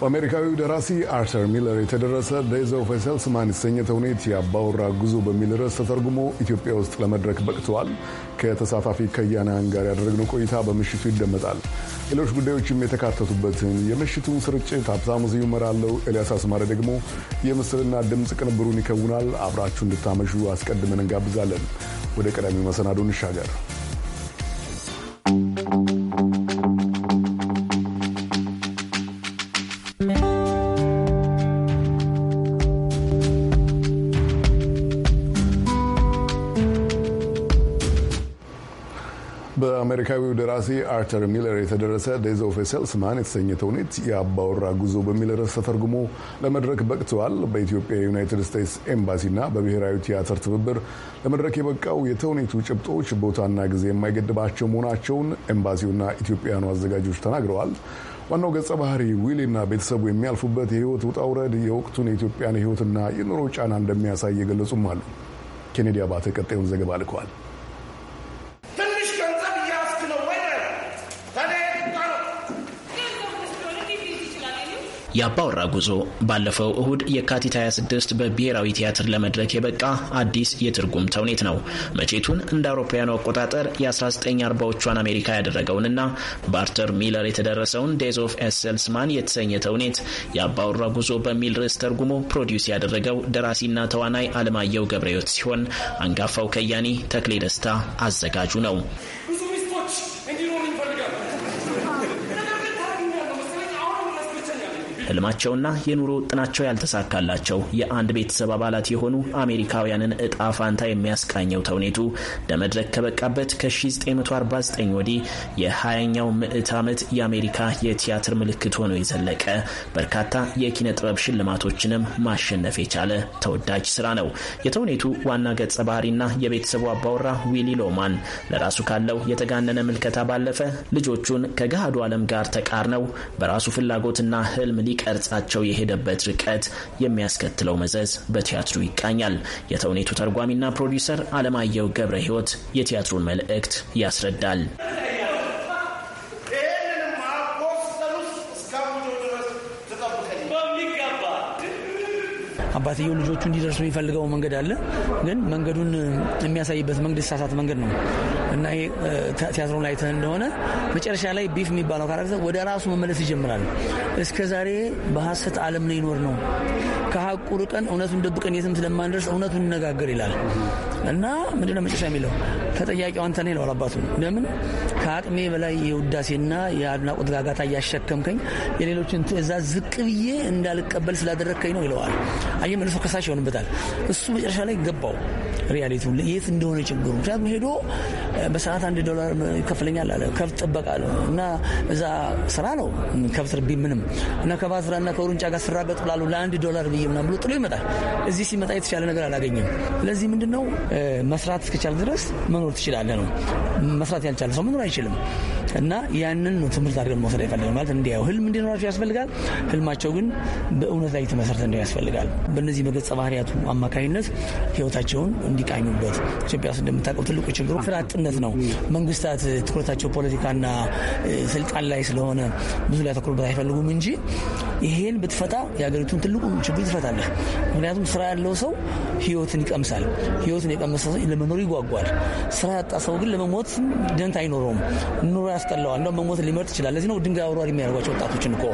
በአሜሪካዊው ደራሲ አርተር ሚለር የተደረሰ ዴይዝ ኦፍ ሰልስማን የተሰኘ ተውኔት የአባወራ ጉዞ በሚል ርዕስ ተተርጉሞ ኢትዮጵያ ውስጥ ለመድረክ በቅተዋል። ከተሳታፊ ከያናን ጋር ያደረግነው ቆይታ በምሽቱ ይደመጣል። ሌሎች ጉዳዮችም የተካተቱበትን የምሽቱን ስርጭት ሀብታሙ ዝዩ እመራለሁ። ኤልያስ አስማሪ ደግሞ የምስልና ድምፅ ቅንብሩን ይከውናል። አብራችሁ እንድታመሹ አስቀድመን እንጋብዛለን። ወደ ቀዳሚው መሰናዶ እንሻገር። ደራሲ አርተር ሚለር የተደረሰ ዴዝ ኦፍ ሴልስማን የተሰኘ ተውኔት የአባወራ ጉዞ በሚል ርዕስ ተተርጉሞ ለመድረክ በቅተዋል። በኢትዮጵያ የዩናይትድ ስቴትስ ኤምባሲና በብሔራዊ ቲያትር ትብብር ለመድረክ የበቃው የተውኔቱ ጭብጦች ቦታና ጊዜ የማይገድባቸው መሆናቸውን ኤምባሲውና ኢትዮጵያኑ አዘጋጆች ተናግረዋል። ዋናው ገጸ ባህሪ ዊሊና ቤተሰቡ የሚያልፉበት የህይወት ውጣ ውረድ የወቅቱን የኢትዮጵያን ህይወትና የኑሮ ጫና እንደሚያሳይ የገለጹም አሉ። ኬኔዲ አባተ ቀጣዩን ዘገባ ልከዋል። የአባወራ ጉዞ ባለፈው እሁድ የካቲት 26 በብሔራዊ ቲያትር ለመድረክ የበቃ አዲስ የትርጉም ተውኔት ነው። መቼቱን እንደ አውሮፓውያኑ አቆጣጠር የ1940ዎቿን አሜሪካ ያደረገውንና በአርተር ሚለር የተደረሰውን ዴዝ ኦፍ ኤሰልስማን የተሰኘ ተውኔት የአባወራ ጉዞ በሚል ርዕስ ተርጉሞ ፕሮዲውስ ያደረገው ደራሲና ተዋናይ አለማየሁ ገብረሕይወት ሲሆን አንጋፋው ከያኒ ተክሌ ደስታ አዘጋጁ ነው። ህልማቸውና የኑሮ ጥናቸው ያልተሳካላቸው የአንድ ቤተሰብ አባላት የሆኑ አሜሪካውያንን እጣ ፋንታ የሚያስቃኘው ተውኔቱ ለመድረክ ከበቃበት ከ1949 ወዲህ የ20ኛው ምዕት ዓመት የአሜሪካ የቲያትር ምልክት ሆኖ የዘለቀ በርካታ የኪነ ጥበብ ሽልማቶችንም ማሸነፍ የቻለ ተወዳጅ ስራ ነው። የተውኔቱ ዋና ገጸ ባህሪና የቤተሰቡ አባወራ ዊሊ ሎማን ለራሱ ካለው የተጋነነ ምልከታ ባለፈ ልጆቹን ከገሃዱ ዓለም ጋር ተቃርነው በራሱ ፍላጎትና ህልም ሊቀ ሊቀርጻቸው የሄደበት ርቀት የሚያስከትለው መዘዝ በቲያትሩ ይቃኛል። የተውኔቱ ተርጓሚና ፕሮዲውሰር አለማየሁ ገብረ ሕይወት የቲያትሩን መልእክት ያስረዳል። አባትየው ልጆቹ እንዲደርሱ የሚፈልገው መንገድ አለ። ግን መንገዱን የሚያሳይበት መንገድ ሳሳት መንገድ ነው እና ቲያትሮን ላይ እንደሆነ መጨረሻ ላይ ቢፍ የሚባለው ካራክተር ወደ ራሱ መመለስ ይጀምራል። እስከ ዛሬ በሀሰት ዓለም ነው ይኖር ነው ከሀቁ ርቀን እውነቱን ደብቀን የትም ስለማንደርስ እውነቱን እንነጋገር ይላል እና ምንድነው መጨረሻ የሚለው ተጠያቂው አንተ ነህ ይለዋል አባቱ። ለምን ከአቅሜ በላይ የውዳሴና የአድናቆት ጋጋታ እያሸከምከኝ የሌሎችን ትእዛዝ ዝቅ ብዬ እንዳልቀበል ስላደረግከኝ ነው ይለዋል። አየ መልሶ ከሳሽ ይሆንበታል። እሱ መጨረሻ ላይ ገባው ሪያሊቲ የት እንደሆነ ችግሩ። ምክንያቱም ሄዶ በሰዓት አንድ ዶላር ይከፍለኛል አለ ከብት ጥበቃ እና እዛ ስራ ነው ከብት ርቢ ምንም እና ከባዝራ ከባዝራና ከውርንጫ ጋር ስራ ብላሉ ለአንድ ዶላር ብዬ ምናምን ብሎ ጥሎ ይመጣል። እዚህ ሲመጣ የተሻለ ነገር አላገኘም። ስለዚህ ምንድነው መስራት እስከቻል ድረስ መኖር ትችላለህ ነው። መስራት ያልቻለ ሰው መኖር አይችልም እና ያንን ነው ትምህርት አድርገን መውሰድ አይፈልግም ማለት እንዲያው ህልም እንዲኖራቸው ያስፈልጋል። ህልማቸው ግን በእውነት ላይ የተመሰረተ እንዲሆን ያስፈልጋል። በእነዚህ በገጸ ባህርያቱ አማካኝነት ህይወታቸውን እንዲቃኙበት ኢትዮጵያ ውስጥ እንደምታውቀው ትልቁ ችግሩ ስራ አጥነት ነው። መንግስታት ትኩረታቸው ፖለቲካና ስልጣን ላይ ስለሆነ ብዙ ተኩርበት አይፈልጉም እንጂ ይሄን ብትፈታ የሀገሪቱን ትልቁ ችግር ትፈታለህ። ምክንያቱም ስራ ያለው ሰው ህይወትን ይቀምሳል። ህይወትን የቀመሰ ሰው ለመኖር ይጓጓል። ስራ ያጣ ሰው ግን ለመሞት ደንት አይኖረውም። ኑሮ ያስጠላዋል። እንደውም መሞት ሊመርጥ ይችላል። ለዚህ ነው ድንጋይ አውሯሪ የሚያደርጓቸው ወጣቶችን እኮ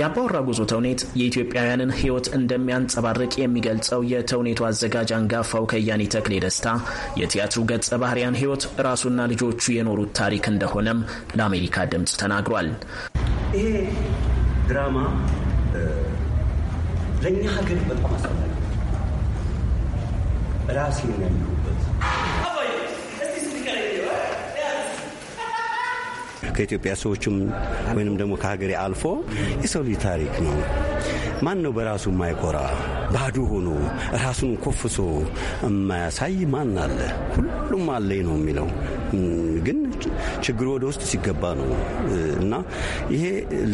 የአባወራ ጉዞ ተውኔት የኢትዮጵያውያንን ሕይወት እንደሚያንጸባርቅ የሚገልጸው የተውኔቱ አዘጋጅ አንጋፋው ከያኒ ተክሌ ደስታ የቲያትሩ ገጸ ባህርያን ሕይወት ራሱና ልጆቹ የኖሩት ታሪክ እንደሆነም ለአሜሪካ ድምፅ ተናግሯል። ይሄ ድራማ ለእኛ ሀገር በጣም ራሴ ነው ያለሁበት። ከኢትዮጵያ ሰዎችም ወይንም ደግሞ ከሀገሬ አልፎ የሰው ልጅ ታሪክ ነው። ማን ነው በራሱ የማይኮራ ባዶ ሆኖ ራሱን ኮፍሶ የማያሳይ ማን አለ? ሁሉም አለኝ ነው የሚለው ግን ችግሩ ወደ ውስጥ ሲገባ ነው እና ይሄ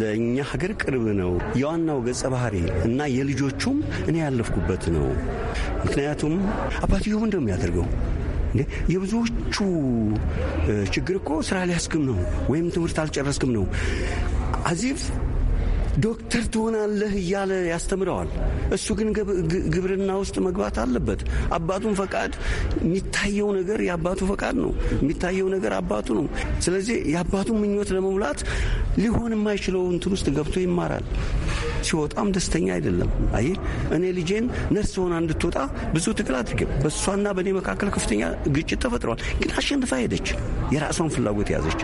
ለእኛ ሀገር ቅርብ ነው። የዋናው ገጸ ባህሪ እና የልጆቹም እኔ ያለፍኩበት ነው። ምክንያቱም አባትዮ ምንድን ነው የሚያደርገው? የብዙዎቹ ችግር እኮ ስራ ሊያስክም ነው ወይም ትምህርት አልጨረስክም ነው አዚፍ ዶክተር ትሆናለህ እያለ ያስተምረዋል። እሱ ግን ግብርና ውስጥ መግባት አለበት። አባቱን ፈቃድ የሚታየው ነገር የአባቱ ፈቃድ ነው። የሚታየው ነገር አባቱ ነው። ስለዚህ የአባቱን ምኞት ለመሙላት ሊሆን የማይችለው እንትን ውስጥ ገብቶ ይማራል። ሲወጣም ደስተኛ አይደለም። አይ እኔ ልጄን ነርስ ሆና እንድትወጣ ብዙ ትግል አድርጌ በእሷና በእኔ መካከል ከፍተኛ ግጭት ተፈጥሯል። ግን አሸንፋ ሄደች። የራሷን ፍላጎት ያዘች፣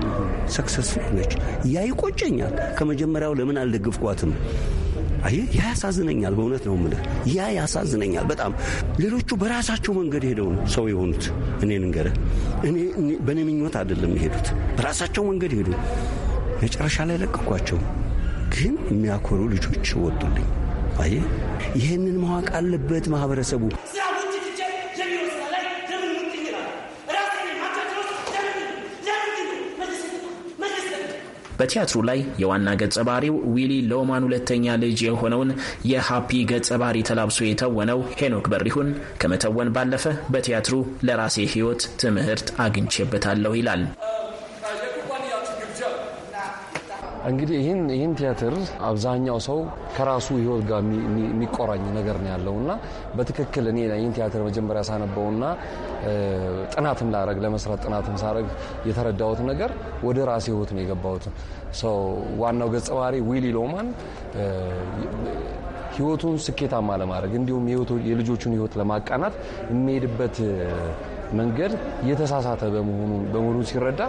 ሰክሰስፉል ነች። ያ ይቆጨኛል። ከመጀመሪያው ለምን አልደግፍኳትም? አይ ያ ያሳዝነኛል። በእውነት ነው የምልህ፣ ያ ያሳዝነኛል በጣም። ሌሎቹ በራሳቸው መንገድ ሄደው ነው ሰው የሆኑት። እኔ ንገረ እኔ በእኔ ምኞት አይደለም የሄዱት፣ በራሳቸው መንገድ ሄዱ። መጨረሻ ላይ ለቀኳቸው። ግን የሚያኮሩ ልጆች ወጡልኝ። አየህ ይህንን ማወቅ አለበት ማህበረሰቡ። በቲያትሩ ላይ የዋና ገጸ ባህሪው ዊሊ ሎማን ሁለተኛ ልጅ የሆነውን የሃፒ ገጸ ባህሪ ተላብሶ የተወነው ሄኖክ በሪሁን ከመተወን ባለፈ በቲያትሩ ለራሴ ሕይወት ትምህርት አግኝቼበታለሁ ይላል። እንግዲህ ይህን ይህን ቲያትር አብዛኛው ሰው ከራሱ ህይወት ጋር የሚቆራኝ ነገር ነው ያለው እና በትክክል እኔ ይህን ቲያትር መጀመሪያ ሳነበው ሳነበውና ጥናትም ላረግ ለመስራት ጥናትም ሳረግ የተረዳሁት ነገር ወደ ራሴ ህይወት ነው የገባሁት። ሰው ዋናው ገጸ ባህሪ ዊሊ ሎማን ህይወቱን ስኬታማ ለማድረግ እንዲሁም የልጆቹን ህይወት ለማቃናት የሚሄድበት መንገድ የተሳሳተ በመሆኑ በመሆኑ ሲረዳ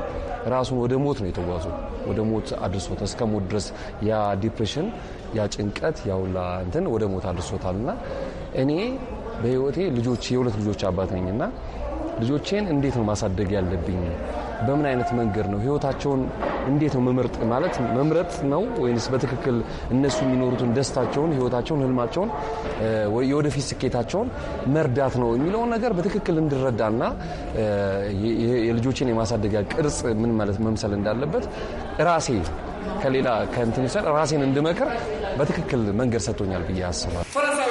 ራሱን ወደ ሞት ነው የተጓዘው። ወደ ሞት አድርሶት እስከ ሞት ድረስ ያ ዲፕሬሽን፣ ያ ጭንቀት፣ ያውላ እንትን ወደ ሞት አድርሶታል እና እኔ በህይወቴ ልጆች የሁለት ልጆች አባት ነኝና ልጆቼን እንዴት ነው ማሳደግ ያለብኝ በምን አይነት መንገድ ነው ህይወታቸውን እንዴት ነው መምረጥ ማለት መምረጥ ነው ወይስ በትክክል እነሱ የሚኖሩትን ደስታቸውን፣ ህይወታቸውን፣ ህልማቸውን፣ የወደፊት ስኬታቸውን መርዳት ነው የሚለውን ነገር በትክክል እንድረዳና የልጆችን የማሳደጊያ ቅርጽ ምን ማለት መምሰል እንዳለበት ራሴ ከሌላ ከእንትን ራሴን እንድመክር በትክክል መንገድ ሰጥቶኛል ብዬ አስባለሁ። ፈረንሳዮች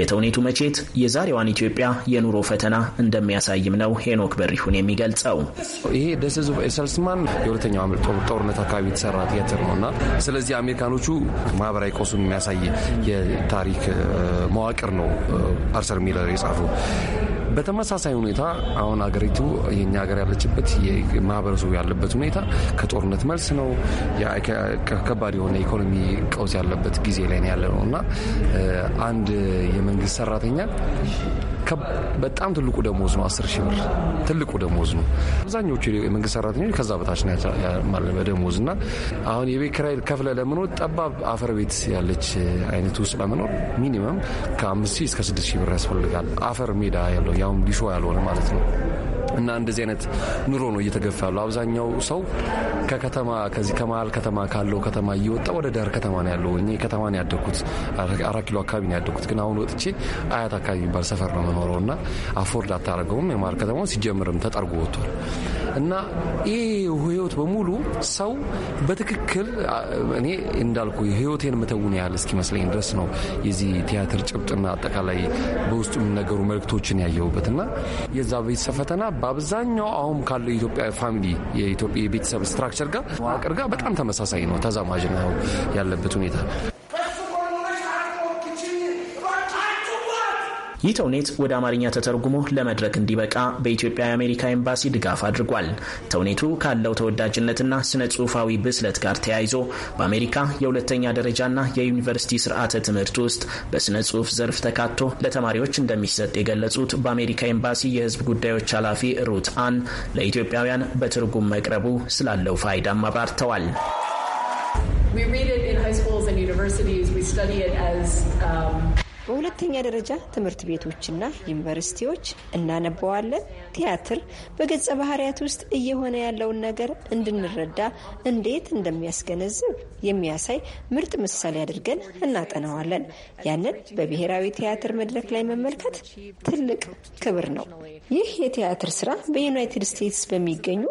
የተውኔቱ መቼት የዛሬዋን ኢትዮጵያ የኑሮ ፈተና እንደሚያሳይም ነው ሄኖክ በሪሁን የሚገልጸው። ይሄ ደሴዝ ኦፍ የሁለተኛው ዓለም ጦርነት አካባቢ የተሰራ ቲያትር ነው እና ስለዚህ አሜሪካኖቹ ማህበራዊ ቆሱን የሚያሳይ የታሪክ መዋቅር ነው አርሰር ሚለር የጻፈው። በተመሳሳይ ሁኔታ አሁን አገሪቱ የኛ ሀገር ያለችበት ማህበረሰቡ ያለበት ሁኔታ ከጦርነት መልስ ነው። ከባድ የሆነ ኢኮኖሚ ቀውስ ያለበት ጊዜ ላይ ያለ ነው እና አንድ የመንግስት ሰራተኛ በጣም ትልቁ ደሞዝ ነው። አስር ሺህ ብር ትልቁ ደሞዝ ነው። አብዛኞቹ የመንግስት ሰራተኞች ከዛ በታች በደሞዝ እና አሁን የቤት ኪራይ ከፍለ ለመኖር ጠባብ አፈር ቤት ያለች አይነት ውስጥ ለመኖር ሚኒመም ከአምስት ሺህ እስከ ስድስት ሺህ ብር ያስፈልጋል። አፈር ሜዳ ያለው ያውም ሊሾ ያልሆነ ማለት ነው። እና እንደዚህ አይነት ኑሮ ነው እየተገፋ ያለው። አብዛኛው ሰው ከከተማ ከዚህ ከመሀል ከተማ ካለው ከተማ እየወጣ ወደ ዳር ከተማ ነው ያለው። እኔ ከተማ ነው ያደግኩት፣ አራት ኪሎ አካባቢ ነው ያደግኩት። ግን አሁን ወጥቼ አያት አካባቢ የሚባል ሰፈር ነው መኖረው እና አፎርድ አታደርገውም። የመሀል ከተማው ሲጀምርም ተጠርጎ ወጥቷል። እና ይህ ህይወት በሙሉ ሰው በትክክል እኔ እንዳልኩ ህይወቴን መተውን ያህል እስኪመስለኝ ድረስ ነው የዚህ ቲያትር ጭብጥና አጠቃላይ በውስጡ የሚነገሩ መልእክቶችን እና የዛ ቤተሰብ ፈተና በአብዛኛው አሁን ካለው የኢትዮጵያ ፋሚሊ የኢትዮጵያ የቤተሰብ ስትራክቸር ጋር መዋቅር ጋር በጣም ተመሳሳይ ነው፣ ተዛማጅ ነው ያለበት ሁኔታ። ይህ ተውኔት ወደ አማርኛ ተተርጉሞ ለመድረክ እንዲበቃ በኢትዮጵያ የአሜሪካ ኤምባሲ ድጋፍ አድርጓል። ተውኔቱ ካለው ተወዳጅነትና ስነ ጽሑፋዊ ብስለት ጋር ተያይዞ በአሜሪካ የሁለተኛ ደረጃና የዩኒቨርሲቲ ስርዓተ ትምህርት ውስጥ በስነ ጽሑፍ ዘርፍ ተካቶ ለተማሪዎች እንደሚሰጥ የገለጹት በአሜሪካ ኤምባሲ የህዝብ ጉዳዮች ኃላፊ ሩት አን ለኢትዮጵያውያን በትርጉም መቅረቡ ስላለው ፋይዳም አብራርተዋል። We read it in high schools and universities. We study it as um, በሁለተኛ ደረጃ ትምህርት ቤቶችና ዩኒቨርሲቲዎች እናነበዋለን። ቲያትር በገጸ ባህርያት ውስጥ እየሆነ ያለውን ነገር እንድንረዳ እንዴት እንደሚያስገነዝብ የሚያሳይ ምርጥ ምሳሌ አድርገን እናጠናዋለን። ያንን በብሔራዊ ቲያትር መድረክ ላይ መመልከት ትልቅ ክብር ነው። ይህ የቲያትር ስራ በዩናይትድ ስቴትስ በሚገኙ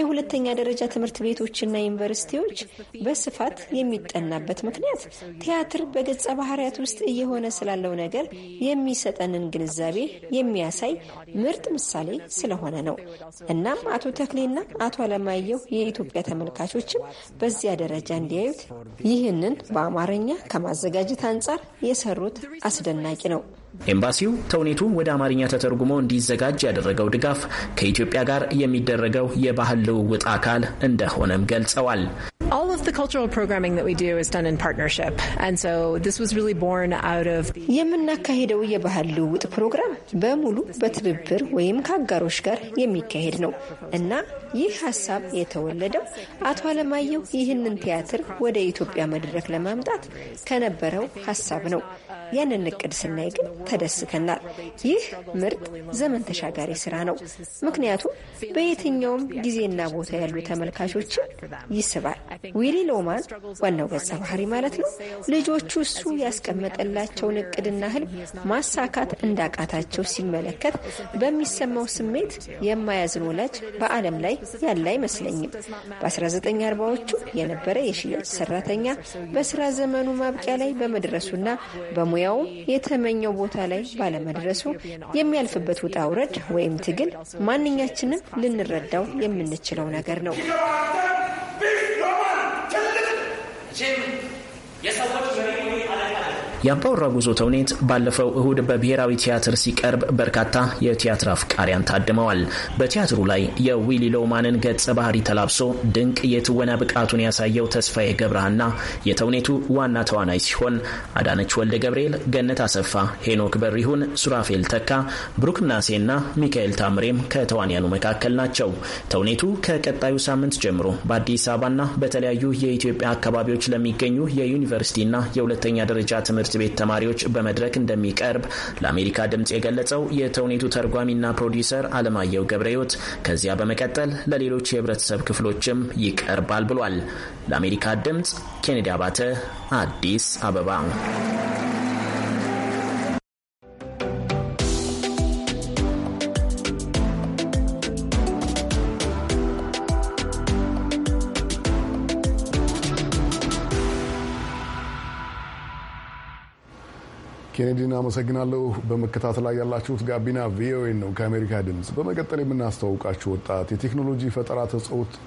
የሁለተኛ ደረጃ ትምህርት ቤቶችና ዩኒቨርሲቲዎች በስፋት የሚጠናበት ምክንያት ቲያትር በገጸ ባህርያት ውስጥ እየሆነ ስላ ስላለው ነገር የሚሰጠንን ግንዛቤ የሚያሳይ ምርጥ ምሳሌ ስለሆነ ነው። እናም አቶ ተክሌና አቶ አለማየሁ የኢትዮጵያ ተመልካቾችም በዚያ ደረጃ እንዲያዩት ይህንን በአማርኛ ከማዘጋጀት አንጻር የሰሩት አስደናቂ ነው። ኤምባሲው ተውኔቱ ወደ አማርኛ ተተርጉሞ እንዲዘጋጅ ያደረገው ድጋፍ ከኢትዮጵያ ጋር የሚደረገው የባህል ልውውጥ አካል እንደሆነም ገልጸዋል። የምናካሄደው የባህል ልውውጥ ፕሮግራም በሙሉ በትብብር ወይም ከአጋሮች ጋር የሚካሄድ ነው እና ይህ ሀሳብ የተወለደው አቶ አለማየሁ ይህንን ቲያትር ወደ ኢትዮጵያ መድረክ ለማምጣት ከነበረው ሀሳብ ነው። ያንን እቅድ ስናይ ግን ተደስተናል። ይህ ምርጥ ዘመን ተሻጋሪ ስራ ነው። ምክንያቱም በየትኛውም ጊዜና ቦታ ያሉ ተመልካቾችን ይስባል። ዊሊ ሎማን ዋናው ገጸ ባህሪ ማለት ነው። ልጆቹ እሱ ያስቀመጠላቸውን እቅድና ህልም ማሳካት እንዳቃታቸው ሲመለከት በሚሰማው ስሜት የማያዝን ወላጅ በዓለም ላይ ያለ አይመስለኝም። በ1940ዎቹ የነበረ የሽያጭ ሰራተኛ በስራ ዘመኑ ማብቂያ ላይ በመድረሱና በሙያውም የተመኘው ቦታ ቦታ ላይ ባለመድረሱ የሚያልፍበት ውጣ ውረድ ወይም ትግል ማንኛችንም ልንረዳው የምንችለው ነገር ነው። የሰዎች የአባወራ ጉዞ ተውኔት ባለፈው እሁድ በብሔራዊ ቲያትር ሲቀርብ በርካታ የቲያትር አፍቃሪያን ታድመዋል። በቲያትሩ ላይ የዊሊ ሎውማንን ገጸ ባህሪ ተላብሶ ድንቅ የትወና ብቃቱን ያሳየው ተስፋዬ ገብረሃና የተውኔቱ ዋና ተዋናይ ሲሆን አዳነች ወልደ ገብርኤል፣ ገነት አሰፋ፣ ሄኖክ በሪሁን፣ ሱራፌል ተካ፣ ብሩክ ምናሴና ሚካኤል ታምሬም ከተዋንያኑ መካከል ናቸው። ተውኔቱ ከቀጣዩ ሳምንት ጀምሮ በአዲስ አበባና በተለያዩ የኢትዮጵያ አካባቢዎች ለሚገኙ የዩኒቨርሲቲና የሁለተኛ ደረጃ ትምህርት ቤት ተማሪዎች በመድረክ እንደሚቀርብ ለአሜሪካ ድምፅ የገለጸው የተውኔቱ ተርጓሚና ፕሮዲውሰር አለማየሁ ገብረህይወት ከዚያ በመቀጠል ለሌሎች የህብረተሰብ ክፍሎችም ይቀርባል ብሏል። ለአሜሪካ ድምፅ ኬኔዲ አባተ አዲስ አበባ ኬኔዲን አመሰግናለሁ። በመከታተል ላይ ያላችሁት ጋቢና ቪኦኤ ነው ከአሜሪካ ድምፅ። በመቀጠል የምናስተዋውቃችሁ ወጣት የቴክኖሎጂ ፈጠራ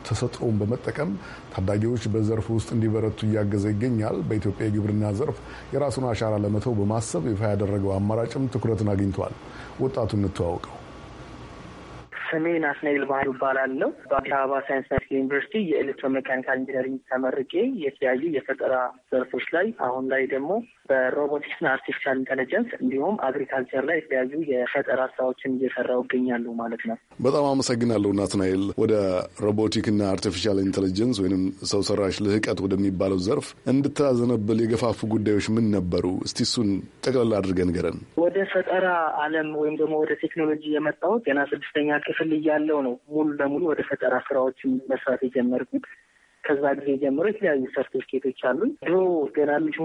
ተሰጥኦውን በመጠቀም ታዳጊዎች በዘርፍ ውስጥ እንዲበረቱ እያገዘ ይገኛል። በኢትዮጵያ የግብርና ዘርፍ የራሱን አሻራ ለመተው በማሰብ ይፋ ያደረገው አማራጭም ትኩረትን አግኝቷል። ወጣቱ እንተዋውቀው። ስሜ ናትናኤል ባህሩ እባላለሁ። በአዲስ አበባ ሳይንስና ቴክኖሎጂ ዩኒቨርሲቲ የኤሌክትሮሜካኒካል ኢንጂነሪንግ ተመርቄ የተለያዩ የፈጠራ ዘርፎች ላይ አሁን ላይ ደግሞ በሮቦቲክስና አርቲፊሻል ኢንቴሊጀንስ እንዲሁም አግሪካልቸር ላይ የተለያዩ የፈጠራ ስራዎችን እየሰራው እገኛለሁ ማለት ነው። በጣም አመሰግናለሁ ናትናኤል። ወደ ሮቦቲክና አርቲፊሻል ኢንቴሊጀንስ ወይም ሰው ሰራሽ ልህቀት ወደሚባለው ዘርፍ እንድታዘነብል የገፋፉ ጉዳዮች ምን ነበሩ? እስቲ እሱን ጠቅላላ አድርገን ገረን ወደ ፈጠራ አለም ወይም ደግሞ ወደ ቴክኖሎጂ የመጣሁት ገና ስድስተኛ ክፍል ክፍል እያለው ነው ሙሉ ለሙሉ ወደ ፈጠራ ስራዎች መስራት የጀመርኩት። ከዛ ጊዜ ጀምሮ የተለያዩ ሰርቲፊኬቶች አሉኝ። ድሮ ገና ልጅ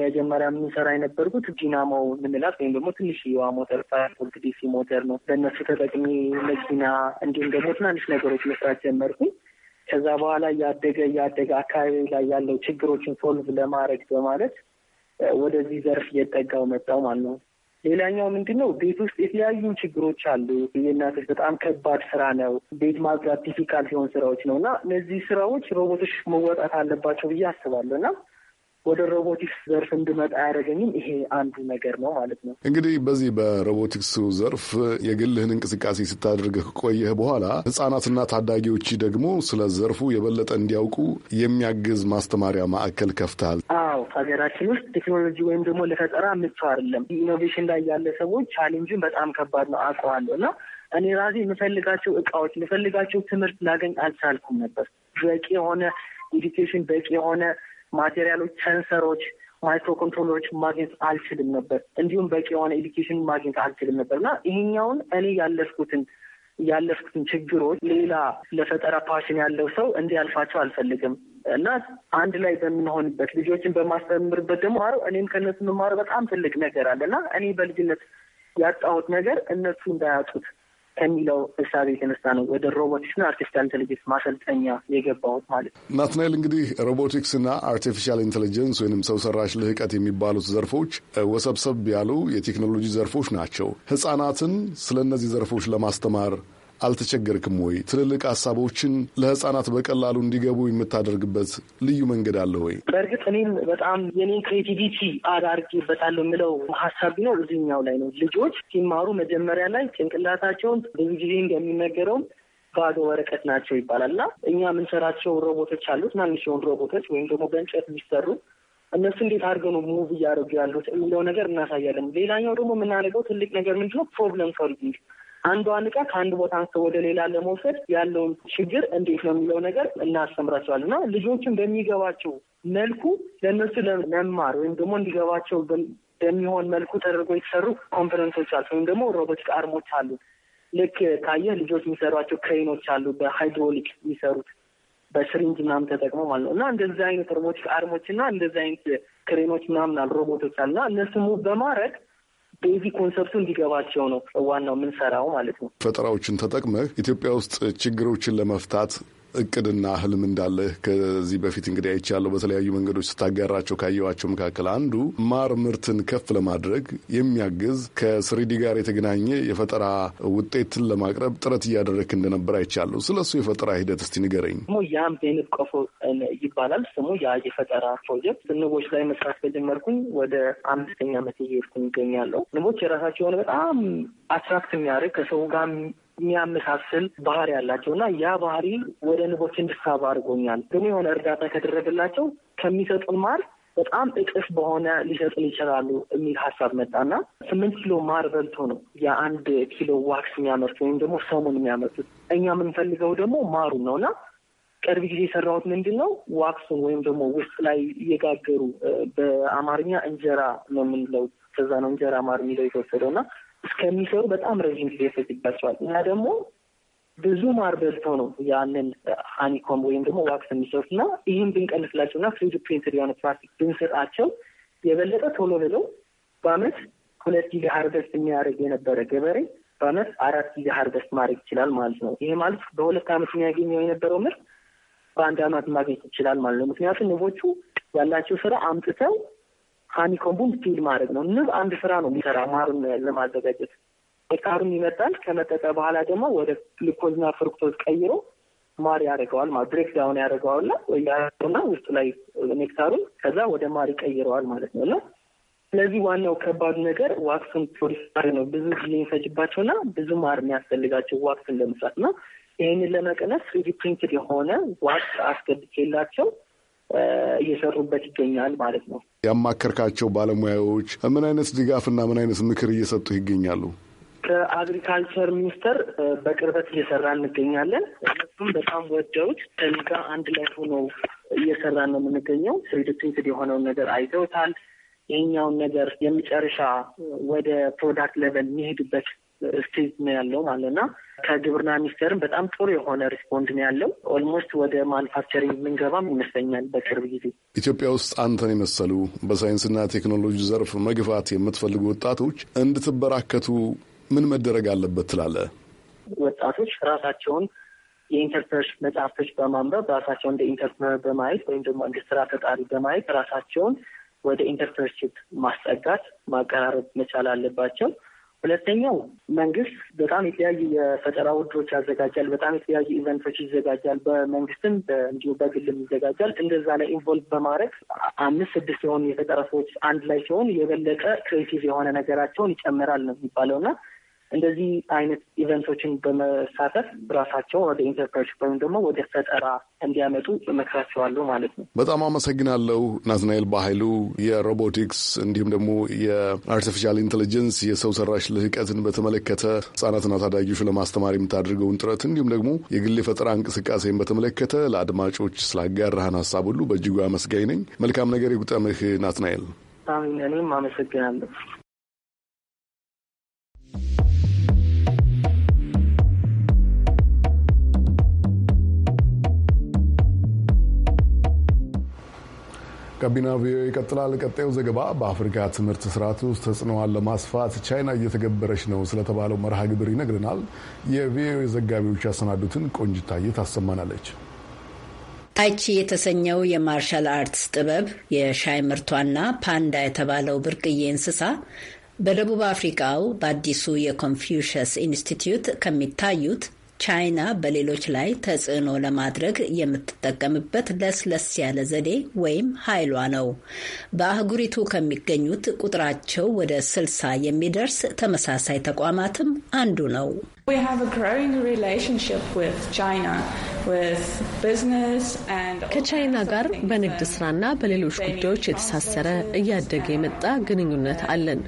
መጀመሪያ የምንሰራ የነበርኩት ዲናሞ የምንላት ወይም ደግሞ የዋ ሞተር ፓርክ ዲሲ ሞተር ነው። በእነሱ ተጠቅሜ መኪና እንዲሁም ደግሞ ትናንሽ ነገሮች መስራት ጀመርኩኝ። ከዛ በኋላ እያደገ እያደገ አካባቢ ላይ ያለው ችግሮችን ሶልቭ ለማድረግ በማለት ወደዚህ ዘርፍ እየጠጋው መጣው ማለት ነው። ሌላኛው ምንድን ነው ቤት ውስጥ የተለያዩ ችግሮች አሉ። የእናቶች በጣም ከባድ ስራ ነው። ቤት ማጽዳት ዲፊካልት የሆኑ ስራዎች ነው እና እነዚህ ስራዎች ሮቦቶች መወጣት አለባቸው ብዬ አስባለሁ እና ወደ ሮቦቲክስ ዘርፍ እንድመጣ ያደረገኝም ይሄ አንዱ ነገር ነው ማለት ነው። እንግዲህ በዚህ በሮቦቲክሱ ዘርፍ የግልህን እንቅስቃሴ ስታደርግ ከቆየህ በኋላ ህጻናትና ታዳጊዎች ደግሞ ስለ ዘርፉ የበለጠ እንዲያውቁ የሚያግዝ ማስተማሪያ ማዕከል ከፍተሃል። አዎ፣ ሀገራችን ውስጥ ቴክኖሎጂ ወይም ደግሞ ለፈጠራ ምቹ አይደለም። ኢኖቬሽን ላይ ያለ ሰዎች ቻሌንጅን በጣም ከባድ ነው አውቀዋለሁ እና እኔ ራሴ የምፈልጋቸው እቃዎች የምፈልጋቸው ትምህርት ላገኝ አልቻልኩም ነበር። በቂ የሆነ ኤዲኬሽን በቂ የሆነ ማቴሪያሎች፣ ሰንሰሮች፣ ማይክሮ ኮንትሮለሮች ማግኘት አልችልም ነበር። እንዲሁም በቂ የሆነ ኤዲኬሽን ማግኘት አልችልም ነበር እና ይሄኛውን እኔ ያለፍኩትን ያለፍኩትን ችግሮች ሌላ ለፈጠራ ፓሽን ያለው ሰው እንዲያልፋቸው አልፈልግም እና አንድ ላይ በምንሆንበት ልጆችን በማስተምርበት ደግሞ አረው እኔም ከእነሱ የምማረው በጣም ትልቅ ነገር አለ እና እኔ በልጅነት ያጣሁት ነገር እነሱ እንዳያጡት ከሚለው እሳቤ የተነሳ ነው ወደ ሮቦቲክስና አርቲፊሻል ኢንቴሊጀንስ ማሰልጠኛ የገባሁት ማለት ነው። ናትናኤል እንግዲህ ሮቦቲክስና አርቲፊሻል ኢንቴሊጀንስ ወይም ሰው ሰራሽ ልህቀት የሚባሉት ዘርፎች ወሰብሰብ ያሉ የቴክኖሎጂ ዘርፎች ናቸው። ህጻናትን ስለ እነዚህ ዘርፎች ለማስተማር አልተቸገርክም ወይ? ትልልቅ ሀሳቦችን ለህጻናት በቀላሉ እንዲገቡ የምታደርግበት ልዩ መንገድ አለ ወይ? በእርግጥ እኔም በጣም የኔን ክሬቲቪቲ አዳርጌበታለሁ የምለው ሀሳብ ቢኖር እዚህኛው ላይ ነው። ልጆች ሲማሩ መጀመሪያ ላይ ጭንቅላታቸውን ብዙ ጊዜ እንደሚነገረውም ባዶ ወረቀት ናቸው ይባላል እኛ የምንሰራቸው ሮቦቶች አሉ፣ ትናንሽ የሆኑ ሮቦቶች ወይም ደግሞ በእንጨት የሚሰሩ እነሱ እንዴት አድርገው ነው ሙቭ እያደረጉ ያሉት የሚለው ነገር እናሳያለን። ሌላኛው ደግሞ የምናደርገው ትልቅ ነገር ምንድነው ፕሮብለም ሶልቪንግ አንዷን እቃ ከአንድ ቦታ አንስቶ ወደ ሌላ ለመውሰድ ያለውን ችግር እንዴት ነው የሚለው ነገር እናስተምራቸዋል እና ልጆችን በሚገባቸው መልኩ ለእነሱ ለመማር ወይም ደግሞ እንዲገባቸው በሚሆን መልኩ ተደርጎ የተሰሩ ኮንፈረንሶች አሉ። ወይም ደግሞ ሮቦቲክ አርሞች አሉ። ልክ ካየህ ልጆች የሚሰሯቸው ክሬኖች አሉ፣ በሃይድሮሊክ የሚሰሩት በስሪንጅ ምናምን ተጠቅመው ማለት ነው እና እንደዚህ አይነት ሮቦቲክ አርሞች እና እንደዚህ አይነት ክሬኖች ምናምን አሉ፣ ሮቦቶች አሉ እና እነሱ በማድረግ ቤዚ ኮንሰፕቱ እንዲገባቸው ነው ዋናው የምንሰራው ማለት ነው። ፈጠራዎችን ተጠቅመህ ኢትዮጵያ ውስጥ ችግሮችን ለመፍታት እቅድና ህልም እንዳለህ ከዚህ በፊት እንግዲህ አይቻለሁ። በተለያዩ መንገዶች ስታጋራቸው ካየኋቸው መካከል አንዱ ማር ምርትን ከፍ ለማድረግ የሚያግዝ ከስሪዲ ጋር የተገናኘ የፈጠራ ውጤትን ለማቅረብ ጥረት እያደረግክ እንደነበር አይቻለሁ። ስለ እሱ የፈጠራ ሂደት እስቲ ንገረኝ። ስሙ የአምቴንፍ ቆፎ ይባላል። ስሙ ያ የፈጠራ ፕሮጀክት ንቦች ላይ መስራት ከጀመርኩኝ ወደ አምስተኛ ዓመት ይገኛለሁ። ንቦች የራሳቸው የሆነ በጣም አትራክት የሚያደርግ ከሰው ጋር የሚያመሳስል ባህሪ ያላቸው እና ያ ባህሪ ወደ ንቦች እንድሳብ አድርጎኛል። ግን የሆነ እርዳታ ከደረገላቸው ከሚሰጡን ማር በጣም እጥፍ በሆነ ሊሰጡን ይችላሉ የሚል ሀሳብ መጣና ስምንት ኪሎ ማር በልቶ ነው የአንድ ኪሎ ዋክስ የሚያመርቱ ወይም ደግሞ ሰሙን የሚያመርቱት። እኛ የምንፈልገው ደግሞ ማሩን ነው እና ቅርብ ጊዜ የሰራሁት ምንድን ነው ዋክሱን ወይም ደግሞ ውስጥ ላይ እየጋገሩ በአማርኛ እንጀራ ነው የምንለው ከዛ ነው እንጀራ ማር የሚለው የተወሰደው እና እስከሚሰሩ በጣም ረዥም ጊዜ ፈጅባቸዋል። እና ደግሞ ብዙ ማርበዝተው ነው ያንን ሀኒኮም ወይም ደግሞ ዋክስ የሚሰሩት እና ይህም ብንቀንስላቸው እና ፍሪድ ፕሪንትድ የሆነ ፕላስቲክ ብንሰጣቸው የበለጠ ቶሎ ብለው በአመት ሁለት ጊዜ ሀርቨስት የሚያደርግ የነበረ ገበሬ በአመት አራት ጊዜ ሀርቨስት ማድረግ ይችላል ማለት ነው። ይሄ ማለት በሁለት አመት የሚያገኘው የነበረው ምርት በአንድ አመት ማግኘት ይችላል ማለት ነው። ምክንያቱም ንቦቹ ያላቸው ስራ አምጥተው ሃኒኮምቡን ፊል ማድረግ ነው። ንብ አንድ ስራ ነው የሚሰራ ማሩን ለማዘጋጀት ኔክታሩን ይመጣል። ከመጠጠ በኋላ ደግሞ ወደ ግሉኮዝና ፍርክቶዝ ቀይሮ ማር ያደርገዋል ማለት ብሬክ ዳውን ያደርገዋል እና ውስጡ ላይ ኔክታሩን ከዛ ወደ ማር ይቀይረዋል ማለት ነው እና ስለዚህ ዋናው ከባድ ነገር ዋክስን ፕሮዲስ ነው። ብዙ ጊዜ የሚፈጅባቸው እና ብዙ ማር የሚያስፈልጋቸው ዋክስን ለመስራት ነው። ይህንን ለመቀነስ ሪፕሪንትድ የሆነ ዋክስ አስገብቼላቸው እየሰሩበት ይገኛል ማለት ነው። ያማከርካቸው ባለሙያዎች ምን አይነት ድጋፍና ምን አይነት ምክር እየሰጡ ይገኛሉ? ከአግሪካልቸር ሚኒስቴር በቅርበት እየሰራ እንገኛለን። እነሱም በጣም ወደውት ከሚጋ አንድ ላይ ሆኖ እየሰራ ነው የምንገኘው። ስሪድትንክድ የሆነውን ነገር አይተውታል። ይህኛውን ነገር የመጨረሻ ወደ ፕሮዳክት ሌቨል የሚሄድበት ስቴት ነው ያለው ማለት ና ከግብርና ሚኒስቴርም በጣም ጥሩ የሆነ ሪስፖንድ ነው ያለው። ኦልሞስት ወደ ማኑፋክቸሪንግ የምንገባም ይመስለኛል በቅርብ ጊዜ። ኢትዮጵያ ውስጥ አንተን የመሰሉ በሳይንስና ቴክኖሎጂ ዘርፍ መግፋት የምትፈልጉ ወጣቶች እንድትበራከቱ ምን መደረግ አለበት ትላለ ወጣቶች ራሳቸውን የኢንተርፕረነርሺፕ መጽሐፍቶች በማንበብ ራሳቸውን እንደ ኢንተርፕረነር በማየት ወይም ደግሞ እንደ ስራ ፈጣሪ በማየት ራሳቸውን ወደ ኢንተርፕረነርሺፕ ማስጠጋት ማቀራረብ መቻል አለባቸው። ሁለተኛው መንግስት በጣም የተለያዩ የፈጠራ ውድሮች ያዘጋጃል። በጣም የተለያዩ ኢቨንቶች ይዘጋጃል። በመንግስትም እንዲሁ በግልም ይዘጋጃል። እንደዛ ላይ ኢንቮልቭ በማድረግ አምስት ስድስት የሆኑ የፈጠራ ሰዎች አንድ ላይ ሲሆን የበለጠ ክሬቲቭ የሆነ ነገራቸውን ይጨምራል ነው የሚባለው እና እንደዚህ አይነት ኢቨንቶችን በመሳተፍ ራሳቸው ወደ ኢንተርፕራይዝ ወይም ደግሞ ወደ ፈጠራ እንዲያመጡ እመክራቸዋለሁ ማለት ነው። በጣም አመሰግናለሁ ናትናኤል በኃይሉ የሮቦቲክስ እንዲሁም ደግሞ የአርቲፊሻል ኢንቴሊጀንስ የሰው ሰራሽ ልህቀትን በተመለከተ ህጻናትና ታዳጊዎች ለማስተማር የምታደርገውን ጥረት እንዲሁም ደግሞ የግል የፈጠራ እንቅስቃሴን በተመለከተ ለአድማጮች ስላጋራህን ሀሳብ ሁሉ በእጅጉ አመስጋኝ ነኝ። መልካም ነገር ይጉጠምህ ናትናኤል። እኔም አመሰግናለሁ። ጋቢና ቪኦኤ ይቀጥላል። ቀጣዩ ዘገባ በአፍሪካ ትምህርት ስርዓት ውስጥ ተጽዕኖዋን ለማስፋት ቻይና እየተገበረች ነው ስለተባለው መርሃ ግብር ይነግረናል። የቪኦኤ ዘጋቢዎች ያሰናዱትን ቆንጅታየ ታሰማናለች። ታይቺ የተሰኘው የማርሻል አርትስ ጥበብ የሻይ ምርቷና ፓንዳ የተባለው ብርቅዬ እንስሳ በደቡብ አፍሪካው በአዲሱ የኮንፊውሸስ ኢንስቲትዩት ከሚታዩት ቻይና በሌሎች ላይ ተጽዕኖ ለማድረግ የምትጠቀምበት ለስለስ ያለ ዘዴ ወይም ኃይሏ ነው። በአህጉሪቱ ከሚገኙት ቁጥራቸው ወደ ስልሳ የሚደርስ ተመሳሳይ ተቋማትም አንዱ ነው። ከቻይና ጋር በንግድ ስራና በሌሎች ጉዳዮች የተሳሰረ እያደገ የመጣ ግንኙነት አለን።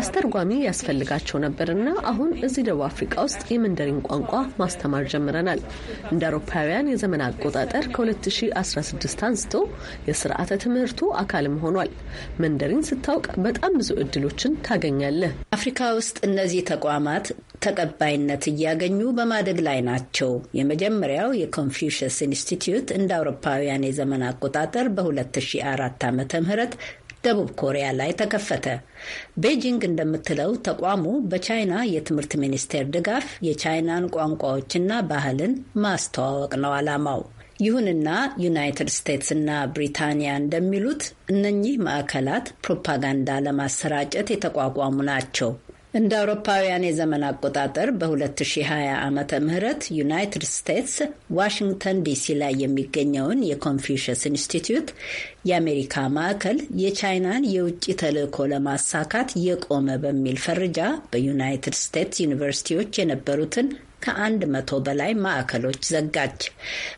አስተርጓሚ ያስፈልጋቸው ነበርና አሁን እዚህ ደቡብ አፍሪካ ውስጥ የመንደሪን ቋንቋ ማስተማር ጀምረናል። እንደ አውሮፓውያን የዘመን አቆጣጠር ከ2016 አንስቶ የስርዓተ ትምህርቱ አካልም ሆኗል። መንደሪን ስታውቅ በጣም ብዙ እድሎችን ታገኛለህ። አፍሪካ ውስጥ እነዚህ ተቋማት ተቀባይነት እያገኙ በማደግ ላይ ናቸው። የመጀመሪያው የኮንፊሽስ ኢንስቲትዩት እንደ አውሮፓውያን የዘመን አቆጣጠር በ2004 ዓ ም ደቡብ ኮሪያ ላይ ተከፈተ። ቤጂንግ እንደምትለው ተቋሙ በቻይና የትምህርት ሚኒስቴር ድጋፍ የቻይናን ቋንቋዎችና ባህልን ማስተዋወቅ ነው ዓላማው። ይሁንና ዩናይትድ ስቴትስ እና ብሪታንያ እንደሚሉት እነኚህ ማዕከላት ፕሮፓጋንዳ ለማሰራጨት የተቋቋሙ ናቸው። እንደ አውሮፓውያን የዘመን አቆጣጠር በ2020 ዓመተ ምህረት ዩናይትድ ስቴትስ ዋሽንግተን ዲሲ ላይ የሚገኘውን የኮንፊሽስ ኢንስቲትዩት የአሜሪካ ማዕከል የቻይናን የውጭ ተልዕኮ ለማሳካት የቆመ በሚል ፈርጃ በዩናይትድ ስቴትስ ዩኒቨርሲቲዎች የነበሩትን ከአንድ መቶ በላይ ማዕከሎች ዘጋች።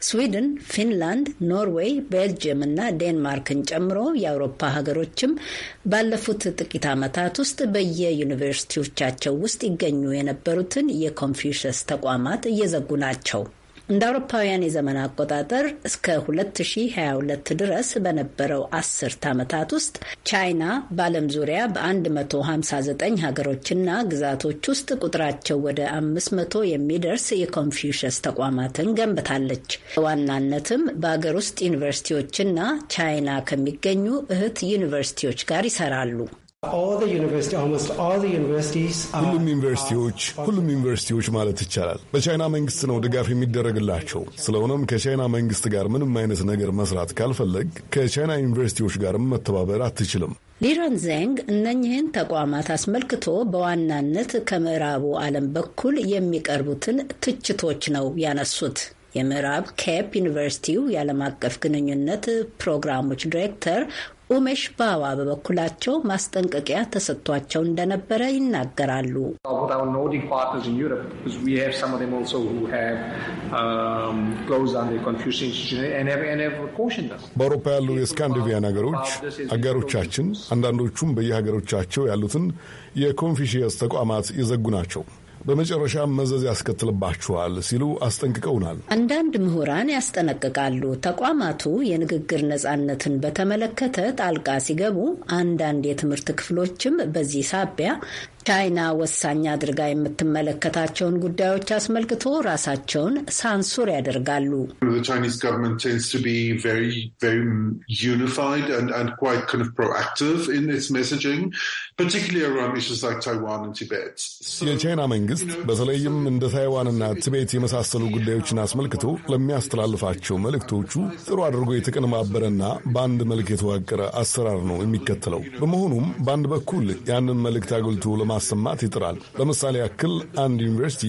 ስዊድን፣ ፊንላንድ፣ ኖርዌይ፣ ቤልጅየም እና ዴንማርክን ጨምሮ የአውሮፓ ሀገሮችም ባለፉት ጥቂት ዓመታት ውስጥ በየዩኒቨርሲቲዎቻቸው ውስጥ ይገኙ የነበሩትን የኮንፊሽስ ተቋማት እየዘጉ ናቸው። እንደ አውሮፓውያን የዘመን አቆጣጠር እስከ 2022 ድረስ በነበረው አስርት ዓመታት ውስጥ ቻይና በዓለም ዙሪያ በ159 ሀገሮችና ግዛቶች ውስጥ ቁጥራቸው ወደ 500 የሚደርስ የኮንፊውሸስ ተቋማትን ገንብታለች። በዋናነትም በአገር ውስጥ ዩኒቨርሲቲዎችና ቻይና ከሚገኙ እህት ዩኒቨርሲቲዎች ጋር ይሰራሉ። ሁሉም ዩኒቨርሲቲዎች ሁሉም ዩኒቨርሲቲዎች ማለት ይቻላል በቻይና መንግስት ነው ድጋፍ የሚደረግላቸው። ስለሆነም ከቻይና መንግስት ጋር ምንም አይነት ነገር መስራት ካልፈለግ ከቻይና ዩኒቨርሲቲዎች ጋርም መተባበር አትችልም። ሊረን ዘንግ እነኝህን ተቋማት አስመልክቶ በዋናነት ከምዕራቡ ዓለም በኩል የሚቀርቡትን ትችቶች ነው ያነሱት። የምዕራብ ኬፕ ዩኒቨርሲቲው የዓለም አቀፍ ግንኙነት ፕሮግራሞች ዲሬክተር ኡሜሽ ባዋ በበኩላቸው ማስጠንቀቂያ ተሰጥቷቸው እንደነበረ ይናገራሉ። በአውሮፓ ያሉ የስካንዲቪያን ሀገሮች አጋሮቻችን አንዳንዶቹም በየሀገሮቻቸው ያሉትን የኮንፊሽየስ ተቋማት የዘጉ ናቸው። በመጨረሻ መዘዝ ያስከትልባችኋል ሲሉ አስጠንቅቀውናል። አንዳንድ ምሁራን ያስጠነቅቃሉ። ተቋማቱ የንግግር ነጻነትን በተመለከተ ጣልቃ ሲገቡ፣ አንዳንድ የትምህርት ክፍሎችም በዚህ ሳቢያ ቻይና ወሳኝ አድርጋ የምትመለከታቸውን ጉዳዮች አስመልክቶ ራሳቸውን ሳንሱር ያደርጋሉ። የቻይና መንግስት በተለይም እንደ ታይዋንና ቲቤት የመሳሰሉ ጉዳዮችን አስመልክቶ ለሚያስተላልፋቸው መልእክቶቹ ጥሩ አድርጎ የተቀነባበረና በአንድ መልክ የተዋቀረ አሰራር ነው የሚከተለው። በመሆኑም በአንድ በኩል ያንን መልእክት አጉልቶ ለማ ለማሰማት ይጥራል። ለምሳሌ ያክል አንድ ዩኒቨርሲቲ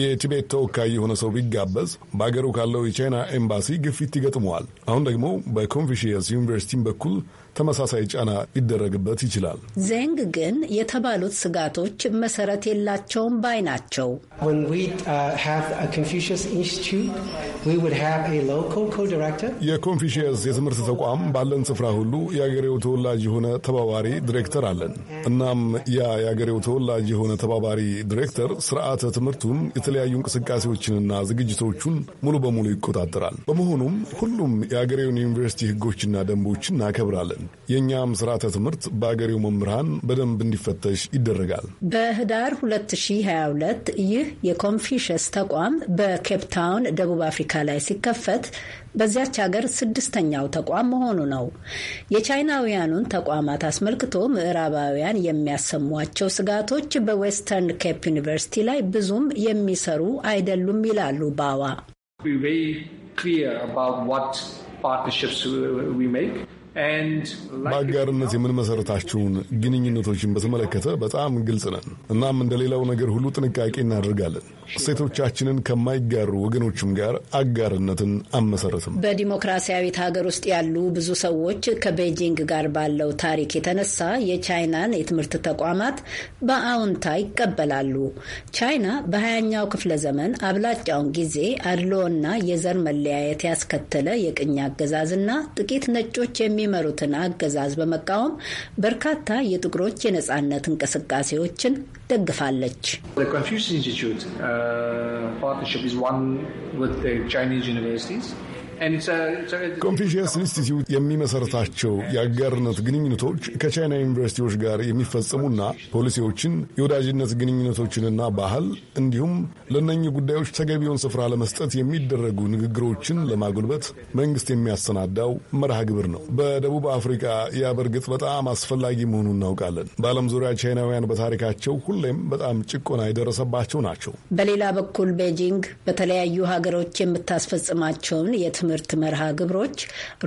የቲቤት ተወካይ የሆነ ሰው ቢጋበዝ በአገሩ ካለው የቻይና ኤምባሲ ግፊት ይገጥመዋል። አሁን ደግሞ በኮንፊሽየስ ዩኒቨርሲቲ በኩል ተመሳሳይ ጫና ሊደረግበት ይችላል። ዜንግ ግን የተባሉት ስጋቶች መሰረት የላቸውም ባይ ናቸው። uh, የኮንፊሽየስ የትምህርት ተቋም ባለን ስፍራ ሁሉ የአገሬው ተወላጅ የሆነ ተባባሪ ዲሬክተር አለን። እናም ያ የአገሬው ተወላጅ የሆነ ተባባሪ ዲሬክተር ስርዓተ ትምህርቱን የተለያዩ እንቅስቃሴዎችንና ዝግጅቶቹን ሙሉ በሙሉ ይቆጣጠራል። በመሆኑም ሁሉም የአገሬውን ዩኒቨርሲቲ ህጎችና ደንቦችን እናከብራለን። የእኛም ስርዓተ ትምህርት በአገሬው መምህራን በደንብ እንዲፈተሽ ይደረጋል። በህዳር 2022 ይህ የኮንፊሸስ ተቋም በኬፕታውን ደቡብ አፍሪካ ላይ ሲከፈት በዚያች ሀገር ስድስተኛው ተቋም መሆኑ ነው። የቻይናውያኑን ተቋማት አስመልክቶ ምዕራባውያን የሚያሰሟቸው ስጋቶች በዌስተርን ኬፕ ዩኒቨርሲቲ ላይ ብዙም የሚሰሩ አይደሉም ይላሉ ባዋ በአጋርነት የምንመሰረታችውን ግንኙነቶችን በተመለከተ በጣም ግልጽ ነን። እናም እንደሌላው ነገር ሁሉ ጥንቃቄ እናደርጋለን። እሴቶቻችንን ከማይጋሩ ወገኖችም ጋር አጋርነትን አንመሰረትም። በዲሞክራሲያዊት ሀገር ውስጥ ያሉ ብዙ ሰዎች ከቤጂንግ ጋር ባለው ታሪክ የተነሳ የቻይናን የትምህርት ተቋማት በአውንታ ይቀበላሉ። ቻይና በሀያኛው ክፍለ ዘመን አብላጫውን ጊዜ አድሎና የዘር መለያየት ያስከተለ የቅኝ አገዛዝና ጥቂት ነጮች የሚ የሚመሩትን አገዛዝ በመቃወም በርካታ የጥቁሮች የነጻነት እንቅስቃሴዎችን ደግፋለች። ኮንፊሽየስ ኢንስቲትዩት የሚመሰርታቸው የአጋርነት ግንኙነቶች ከቻይና ዩኒቨርሲቲዎች ጋር የሚፈጸሙና ፖሊሲዎችን፣ የወዳጅነት ግንኙነቶችንና ባህል እንዲሁም ለእነኚህ ጉዳዮች ተገቢውን ስፍራ ለመስጠት የሚደረጉ ንግግሮችን ለማጉልበት መንግስት የሚያሰናዳው መርሃ ግብር ነው። በደቡብ አፍሪካ ያ በእርግጥ በጣም አስፈላጊ መሆኑን እናውቃለን። በዓለም ዙሪያ ቻይናውያን በታሪካቸው ሁሌም በጣም ጭቆና የደረሰባቸው ናቸው። በሌላ በኩል ቤጂንግ በተለያዩ ሀገሮች የምታስፈጽማቸውን የት የትምህርት መርሃ ግብሮች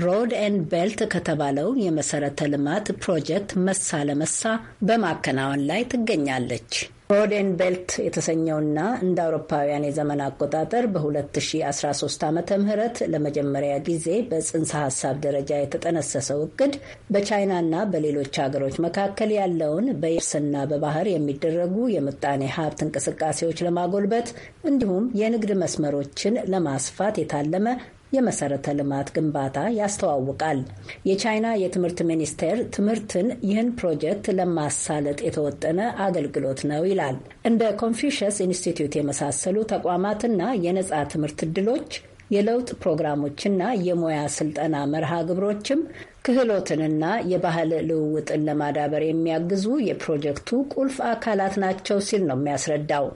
ሮድ ኤንድ ቤልት ከተባለው የመሰረተ ልማት ፕሮጀክት መሳ ለመሳ በማከናወን ላይ ትገኛለች። ሮድ ቤልት የተሰኘውና እንደ አውሮፓውያን የዘመን አቆጣጠር በ2013 ዓ ም ለመጀመሪያ ጊዜ በጽንሰ ሀሳብ ደረጃ የተጠነሰሰው እቅድ በቻይናና በሌሎች ሀገሮች መካከል ያለውን በየብስና በባህር የሚደረጉ የምጣኔ ሀብት እንቅስቃሴዎች ለማጎልበት እንዲሁም የንግድ መስመሮችን ለማስፋት የታለመ የመሰረተ ልማት ግንባታ ያስተዋውቃል። የቻይና የትምህርት ሚኒስቴር ትምህርትን ይህን ፕሮጀክት ለማሳለጥ የተወጠነ አገልግሎት ነው ይላል። እንደ ኮንፊሽየስ ኢንስቲትዩት የመሳሰሉ ተቋማትና የነጻ ትምህርት እድሎች የለውጥ ፕሮግራሞችና የሙያ ስልጠና መርሃ ግብሮችም ክህሎትንና የባህል ልውውጥን ለማዳበር የሚያግዙ የፕሮጀክቱ ቁልፍ አካላት ናቸው ሲል ነው የሚያስረዳው።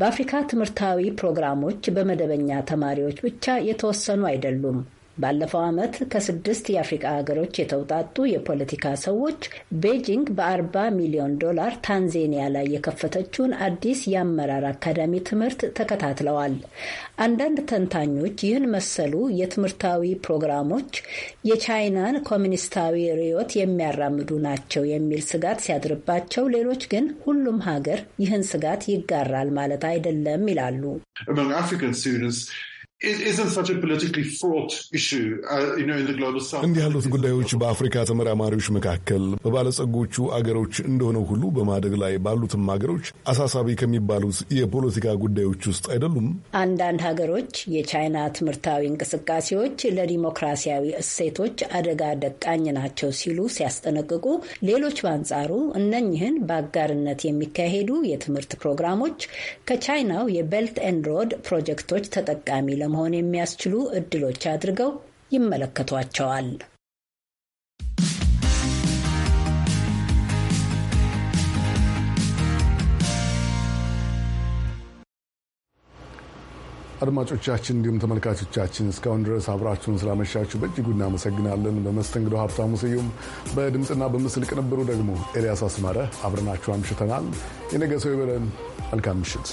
በአፍሪካ ትምህርታዊ ፕሮግራሞች በመደበኛ ተማሪዎች ብቻ የተወሰኑ አይደሉም። ባለፈው ዓመት ከስድስት የአፍሪቃ ሀገሮች የተውጣጡ የፖለቲካ ሰዎች ቤጂንግ በአርባ ሚሊዮን ዶላር ታንዜኒያ ላይ የከፈተችውን አዲስ የአመራር አካዳሚ ትምህርት ተከታትለዋል። አንዳንድ ተንታኞች ይህን መሰሉ የትምህርታዊ ፕሮግራሞች የቻይናን ኮሚኒስታዊ ርዕዮት የሚያራምዱ ናቸው የሚል ስጋት ሲያድርባቸው፣ ሌሎች ግን ሁሉም ሀገር ይህን ስጋት ይጋራል ማለት አይደለም ይላሉ። Uh, እንዲህ ያሉት ጉዳዮች በአፍሪካ ተመራማሪዎች መካከል በባለጸጎቹ አገሮች እንደሆነ ሁሉ በማደግ ላይ ባሉትም አገሮች አሳሳቢ ከሚባሉት የፖለቲካ ጉዳዮች ውስጥ አይደሉም። አንዳንድ ሀገሮች የቻይና ትምህርታዊ እንቅስቃሴዎች ለዲሞክራሲያዊ እሴቶች አደጋ ደቃኝ ናቸው ሲሉ ሲያስጠነቅቁ፣ ሌሎች በአንጻሩ እነኝህን በአጋርነት የሚካሄዱ የትምህርት ፕሮግራሞች ከቻይናው የቤልት ኤንድ ሮድ ፕሮጀክቶች ተጠቃሚ ለ ለመሆን የሚያስችሉ እድሎች አድርገው ይመለከቷቸዋል። አድማጮቻችን እንዲሁም ተመልካቾቻችን እስካሁን ድረስ አብራችሁን ስላመሻችሁ በእጅጉ እናመሰግናለን። በመስተንግዶ ሀብታሙ ስዩም፣ በድምፅና በምስል ቅንብሩ ደግሞ ኤልያስ አስማረ አብረናችሁ አምሽተናል። የነገ ሰው ይበለን። መልካም ምሽት።